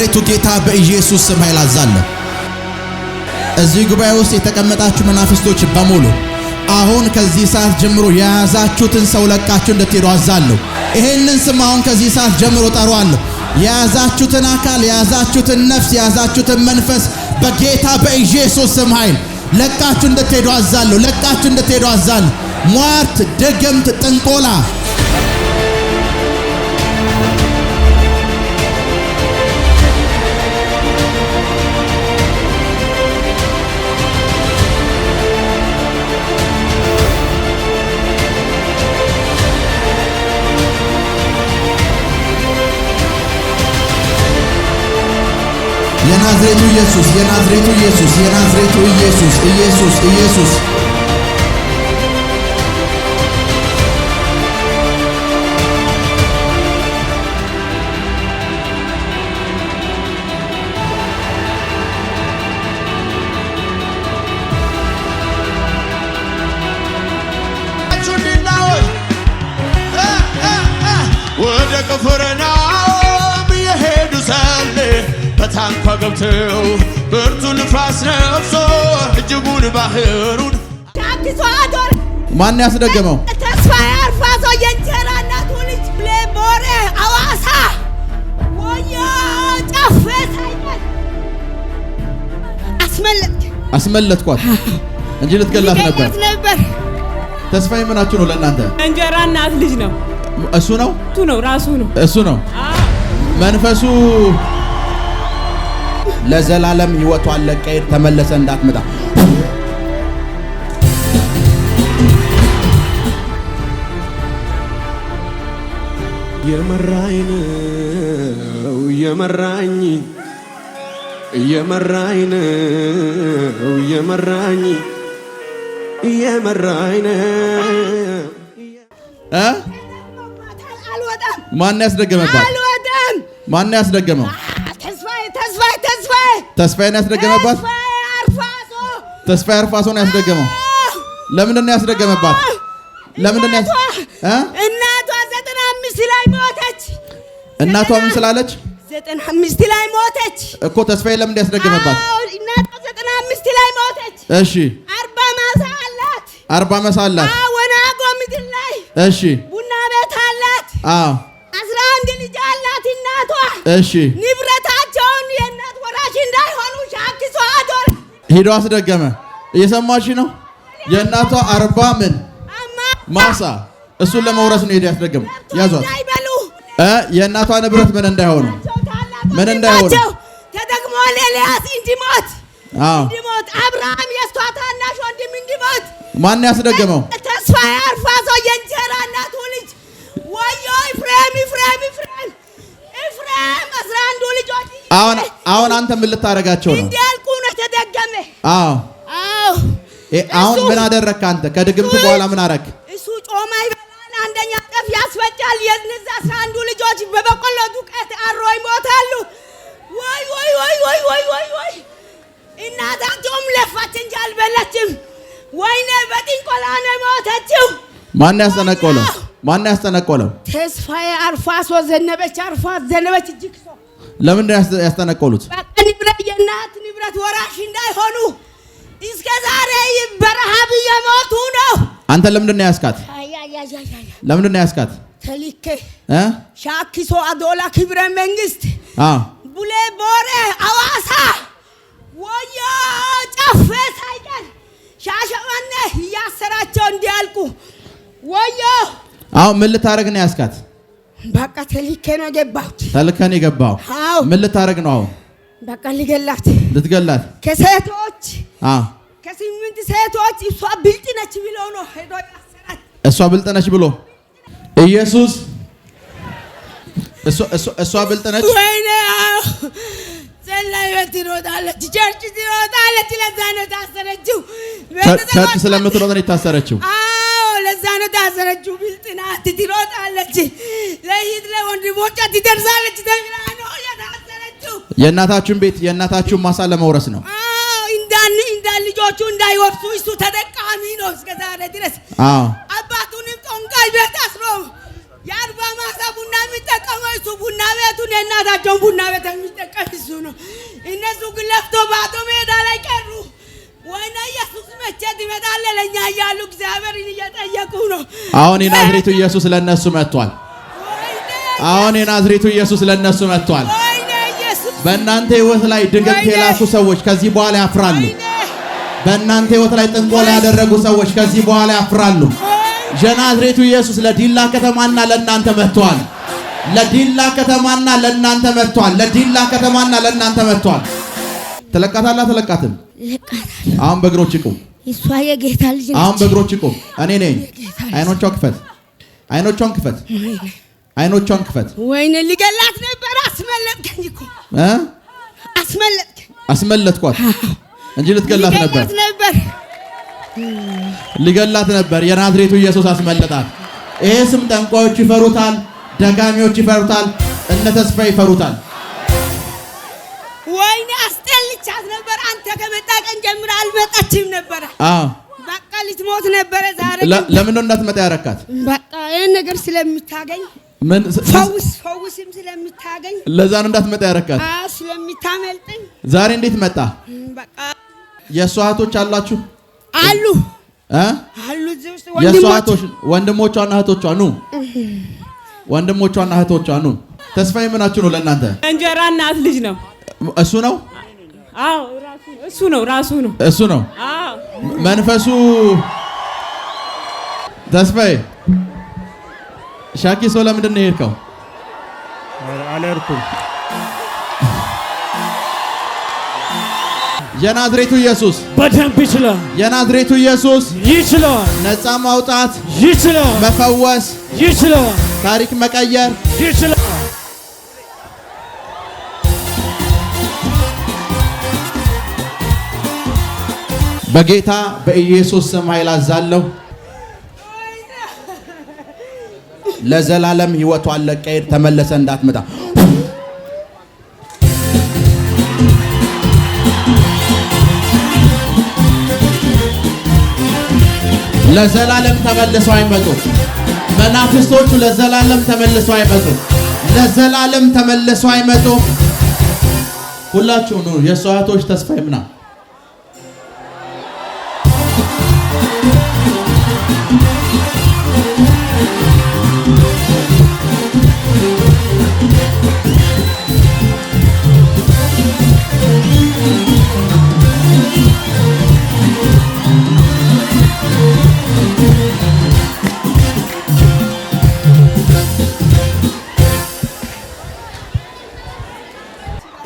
በናዝሬቱ ጌታ በኢየሱስ ስም ኃይል አዛለሁ። እዚህ ጉባኤ ውስጥ የተቀመጣችሁ መናፍስቶች በሙሉ አሁን ከዚህ ሰዓት ጀምሮ የያዛችሁትን ሰው ለቃችሁ እንድትሄዱ አዛለሁ። ይሄንን ስም አሁን ከዚህ ሰዓት ጀምሮ ጠሯለሁ። የያዛችሁትን አካል፣ የያዛችሁትን ነፍስ፣ የያዛችሁትን መንፈስ በጌታ በኢየሱስ ስም ኃይል ለቃችሁ እንድትሄዱ አዛለሁ። ለቃችሁ እንድትሄዱ አዛለሁ። ሟርት፣ ድግምት፣ ጥንቆላ የናዝሬቱ ኢየሱስ የናዝሬቱ ኢየሱስ የናዝሬቱ ኢየሱስ ኢየሱስ ኢየሱስ ወደ ቅፍርና ታንኳ ገብተው ብርቱ ንፋስ ነፍሶ እጅጉን ባህሩን አዲሷ አገር ማን ያስደገመው? ተስፋ አርፋዞ የእንጀራ እናቱ ልጅ ሌሞሬ አዋሳ ወዮ ጨፌ ሳይቀር አስመለጥክ አስመለጥኳት እንጂ ልትገላት ነበር ነበር። ተስፋዬ ምናችሁ ነው ለእናንተ? እንጀራ እናት ልጅ ነው። እሱ ነው እሱ ነው ራሱ ነው እሱ ነው መንፈሱ ለዘላለም ህይወቷ ለቀይር ተመለሰ እንዳትመጣ የመራኝ ነው የመራኝ እየመራኝ ነው እየመራኝ እየመራኝ እ ማን ያስደገመባት? አልወጣም። ማን ያስደገመው? ተስፋዬን ያስደገመባት ተስፋዬ አርፋሶን ያስደገመው ለምንድን ነው ያስደገመባት? ለምንድን ነው እናቷ ዘጠና አምስት ላይ ሞተች። እናቷ ምን ስላለች ዘጠና አምስት ላይ ሞተች እኮ ተስፋዬ ለምንድን ያስደገመባት? እናቷ ዘጠና አምስት ላይ ሞተች። እሺ አርባ ማሳ አላት። አርባ መሳ አላት። ወናጎ ምድር ላይ እሺ ቡና ቤት አላት። አዎ አስራ አንድ ልጅ አላት እናቷ እሺ ንብረ ሄዶ አስደገመ። እየሰማሽ ነው። የእናቷ አርባ ምን ማሳ እሱን ለመውረስ ነው ሄዶ ያስደገመ። ያዟት። የእናቷ ንብረት ምን እንዳይሆኑ ምን እንዳይሆኑ ተደግሞ ኤልያስ እንዲሞት እንዲሞት አብርሃም የእሷ ታናሽ ወንድም እንዲሞት ማን ያስደገመው? ተስፋ ያርፋ ሰው የእንጀራ እናቱ ልጅ ወዮ ፍሬም ፍሬም ፍሬም አሁን አሁን አንተ ምን ልታደርጋቸው ነው? እንዲያልቁ ነው ተደገመ። አዎ አዎ። አሁን ምን አደረግክ አንተ? ከድግምት በኋላ ምን አደረግክ? እሱ ጮማ ይበላል፣ አንደኛ ጠፍ ያስፈጫል። አስራ አንዱ ልጆች በበቆሎ ዱቄት አሮ ይሞታሉ። ወይ ወይ ወይ ወይ ወይ ወይ ወይ እናታቸውም ለፋች እንጂ አልበላችም። ወይኔ በጥንቆላ ነው የሞተችው። ማን ማን ያስጠነቆለው? ተስፋዬ አርፏ ሶ ዘነበች አርፏ ዘነበች እጅግ ሰው ለምንድን ንብረት የእናት ንብረት ወራሽ እንዳይሆኑ እስከ ዛሬ በረሃብ እየሞቱ ነው። አንተ ለምንድን ነው ያስካት? ለምንድን ነው ያስካት? ተሊኬ ሻኪሶ አዶላ ክብረ መንግስት ቡሌ ቦሬ አዋሳ ወዮ ጨፌ ሳይቀር ሻሸመኔ እያሰራቸው እንዲያልቁ ወዮ አሁን ምን ልታረግ ነው ያስካት? በቃ ተልኬ ነው የገባሁት። ተልከህ የገባው? አዎ። ምን ልታረግ ነው አሁን? በቃ ልገላት። ልትገላት? ከሴቶች አዎ፣ ከስምንት ሴቶች እሷ ብልጥ ነች ብሎ ነው ሄዶ ያሰራት። እሷ ብልጥ ነች ብሎ ኢየሱስ እሷ ብልጥ ነች ወይኔ ቤት ትሮጣለች፣ ቸርች ትሮጣለች። ለዛ ነው የታሰረችው። ቸርች ስለምትሮጥ ነው የታሰረችው። ለዛ ነው ታሰረችው። ብልጥናት ትሮጣለች፣ ለይት ለወንድሞቿ ትደርሳለች ተብላ ነው የታሰረችው። የእናታችሁን ቤት የእናታችሁን ማሳ ለመውረስ ነው እንዳን ልጆቹ እንዳይወርሱ እሱ ተጠቃሚ ነው እስከዛሬ ድረስ። አባቱንም ጦንቃይ ቤት አስሮ የአርባ ማሳ ቡና የሚጠቀመው እሱ ቡና ቤቱን የእናታቸውን ቡና ቤት የሚጠቀም እሱ ነው። እነሱ ግን ለፍቶ ባቶ ሜዳ ላይ ቀሩ። ወይኔ ኢየሱስ መቼ ትመጣለህ ለእኛ እያሉ እግዚአብሔርን እየጠየቁ ነው። አሁን የናዝሬቱ ኢየሱስ ለእነሱ መጥቷል። አሁን የናዝሬቱ ኢየሱስ ለእነሱ መጥቷል። በእናንተ ህይወት ላይ ድግምት የላሱ ሰዎች ከዚህ በኋላ ያፍራሉ። በእናንተ ህይወት ላይ ጥንቆላ ያደረጉ ሰዎች ከዚህ በኋላ ያፍራሉ። የናዝሬቱ ኢየሱስ ለዲላ ከተማና ለእናንተ መጥቷል። ለዲላ ከተማና ለእናንተ መጥቷል። ለዲላ ከተማና ለእናንተ መጥቷል። ትለቃታለህ አትለቃትም? አሁን በእግሮች ቁም። እሷ የጌታ ልጅ ነች። አሁን በእግሮች ቁም። እኔ ነኝ። አይኖቿን ክፈት፣ አይኖቿን ክፈት፣ አይኖቿን ክፈት። ወይኔ ሊገላት ነበር። አስመለጥከኝ እኮ እ አስመለጥከኝ አስመለጥኳት እንጂ ልትገላት ነበር ሊገላት ነበር። የናዝሬቱ ኢየሱስ አስመለጣት። ይሄ ስም ጠንቋዮች ይፈሩታል፣ ደጋሚዎች ይፈሩታል፣ እነ ተስፋ ይፈሩታል። ጀምራ አልመጣችም ነበረ። በቃ ልትሞት ነበረ። ዛሬ ለምን ነው እንዳትመጣ ያረካት? በቃ ይሄን ነገር ስለምታገኝ ምን ፈውስ ፈውስም ስለምታገኝ ለዛ ነው እንዳትመጣ ያረካት። ስለምታመልጠኝ። ዛሬ እንዴት መጣ? የእሷ እህቶች አላችሁ? አሉ አሉ የእሷ እህቶች ወንድሞቿና እህቶቿ ኑ፣ ወንድሞቿና እህቶቿ ኑ። ተስፋዬ ምናችሁ ነው ለእናንተ? እንጀራ እናት ልጅ ነው እሱ ነው እሱ ነው ራሱ ነው እሱ ነው መንፈሱ። ተስፋዬ ሻኪ ሰው ለምንድን ነው የሄድከው? አልሄድኩም። የናዝሬቱ ኢየሱስ በደንብ ይችላል። የናዝሬቱ ኢየሱስ ይችላል። ነፃ ማውጣት ይችላል። መፈወስ ይችላል። ታሪክ መቀየር ይችላል። በጌታ በኢየሱስ ስም ኃይል አዛለሁ። ለዘላለም ህይወቷ ለቀይድ ተመለሰ እንዳትመጣ ለዘላለም ተመልሰው አይመጡ። መናፍስቶቹ ለዘላለም ተመልሰው አይመጡ። ለዘላለም ተመልሰው አይመጡ። ሁላችሁ ነው የሰዋቶች ተስፋ ይምና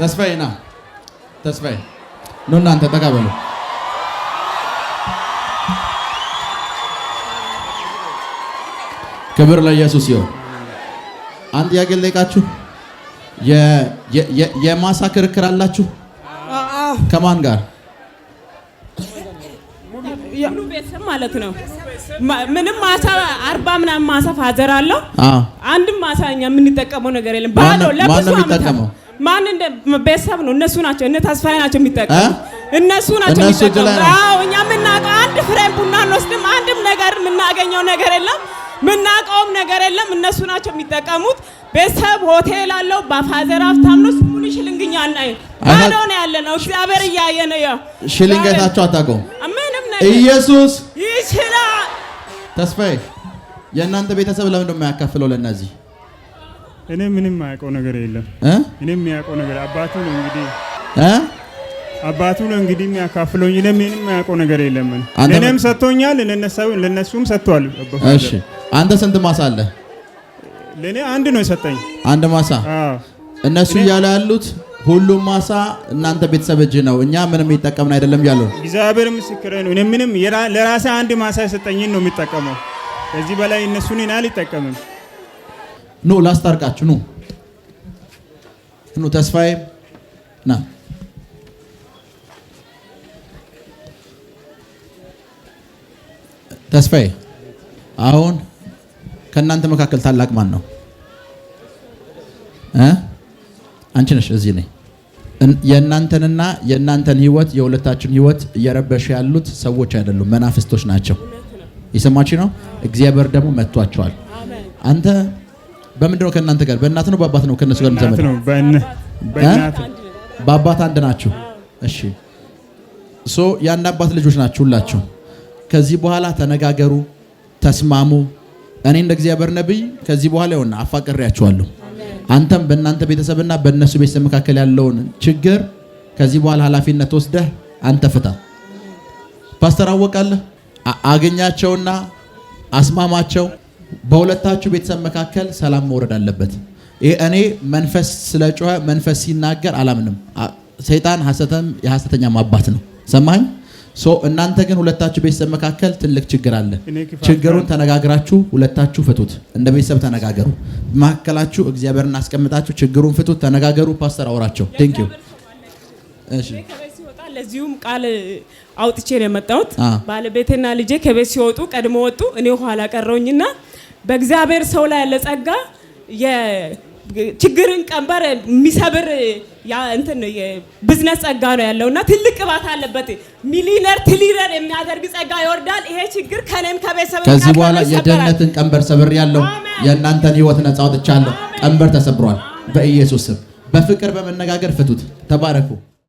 ተስፋዬ ና ተስፋዬ ኑ እናንተ ተቀበሉ። ክብር ለኢየሱስ ይሁን። አንድ ያገል ጠይቃችሁ የማሳ ክርክር አላችሁ? ከማን ጋር ቤተሰብ ማለት ነው። ምንም ማሳ አርባ ምናምን ማሳ ፋዘር አለው። አንድም ማሳ እኛ የምንጠቀመው ነገር የለም። ባለው ለብሶ የሚጠቀመው ማን እንደ ቤተሰብ ነው። እነሱ ናቸው እነ ተስፋዬ ናቸው የሚጠቀሙት እነሱ ናቸው የሚጠቀሙት። አዎ እኛ የምናውቀው አንድ ፍሬም ቡና እንወስድም፣ አንድም ነገር የምናገኘው ነገር የለም፣ የምናውቀውም ነገር የለም። እነሱ ናቸው የሚጠቀሙት። ቤተሰብ ሆቴል አለው። በፋዘር ሀብታም ነው። ስሙን ሽልንግኛ አናየ ባዶ ያለ ነው። እግዚአብሔር እያየ ነው። ያው ሽልንገታቸው አታውቀውም። ምንም ነገር ኢየሱስ ይችላል። ተስፋዬ የእናንተ ቤተሰብ ለምን እንደማያካፍለው ለእነዚህ እኔ ምንም አያውቀው ነገር የለም። እኔ የሚያውቀው ነገር አባቱ ነው እንግዲህ አባቱ ነው እንግዲህ የሚያካፍለኝ። እኔ ምንም አያውቀው ነገር የለም። እኔም ሰጥቶኛል፣ ለነሱም ሰጥቷል። እሺ አንተ ስንት ማሳ አለ? ለእኔ አንድ ነው የሰጠኝ። አንድ ማሳ እነሱ እያለ ያሉት ሁሉም ማሳ እናንተ ቤተሰብ እጅ ነው፣ እኛ ምንም የሚጠቀምን አይደለም ያለው። እግዚአብሔር ምስክሬ ነው። እኔ ምንም ለራሴ አንድ ማሳ የሰጠኝን ነው የሚጠቀመው። ከዚህ በላይ እነሱን አልጠቀምም። ኖ ላስታርቃችሁ። ኑ ኑ ተስፋዬ ና ተስፋዬ። አሁን ከእናንተ መካከል ታላቅ ማን ነው? አንቺ ነሽ። እዚህ ነኝ። የእናንተንና የእናንተን ህይወት የሁለታችን ህይወት እየረበሹ ያሉት ሰዎች አይደሉም፣ መናፍስቶች ናቸው። የሰማችሁ ነው። እግዚአብሔር ደግሞ መቷቸዋል። አንተ በምንድን ነው ከእናንተ ጋር? በእናት ነው በአባት ነው? ከነሱ ጋር ምዘመድ በአባት አንድ ናችሁ። እሺ ሶ የአንድ አባት ልጆች ናችሁ ሁላችሁ። ከዚህ በኋላ ተነጋገሩ፣ ተስማሙ። እኔ እንደ እግዚአብሔር ነብይ ከዚህ በኋላ ይሆና አፋቀሪያቸዋለሁ። አንተም በእናንተ ቤተሰብና በእነሱ ቤተሰብ መካከል ያለውን ችግር ከዚህ በኋላ ኃላፊነት ወስደህ አንተ ፍታ። ፓስተር አወቃለህ አገኛቸውና አስማማቸው። በሁለታችሁ ቤተሰብ መካከል ሰላም መውረድ አለበት። እኔ መንፈስ ስለ ጮኸ መንፈስ ሲናገር አላምንም። ሰይጣን የሐሰተኛ አባት ነው። ሰማኝ። እናንተ ግን ሁለታችሁ ቤተሰብ መካከል ትልቅ ችግር አለ። ችግሩን ተነጋግራችሁ ሁለታችሁ ፍቱት። እንደ ቤተሰብ ተነጋገሩ። መካከላችሁ እግዚአብሔርን አስቀምጣችሁ ችግሩን ፍቱት። ተነጋገሩ። ፓስተር አውራቸው። ለዚሁም ቃል አውጥቼ ነው የመጣሁት። ባለቤቴና ልጄ ከቤት ሲወጡ ቀድሞ ወጡ። እኔ ኋላ ቀረውኝና በእግዚአብሔር ሰው ላይ ያለ ጸጋ ችግርን ቀንበር የሚሰብር ብዝነስ ጸጋ ነው ያለው እና ትልቅ ቅባት አለበት። ሚሊነር ትሊነር የሚያደርግ ጸጋ ይወርዳል። ይሄ ችግር ከኔም ከቤተሰብ ከዚህ በኋላ የደህንነትን ቀንበር ሰብር ያለው የእናንተን ህይወት ነጻ ወጥቻለሁ። ቀንበር ተሰብሯል። በኢየሱስ ስም በፍቅር በመነጋገር ፍቱት። ተባረኩ።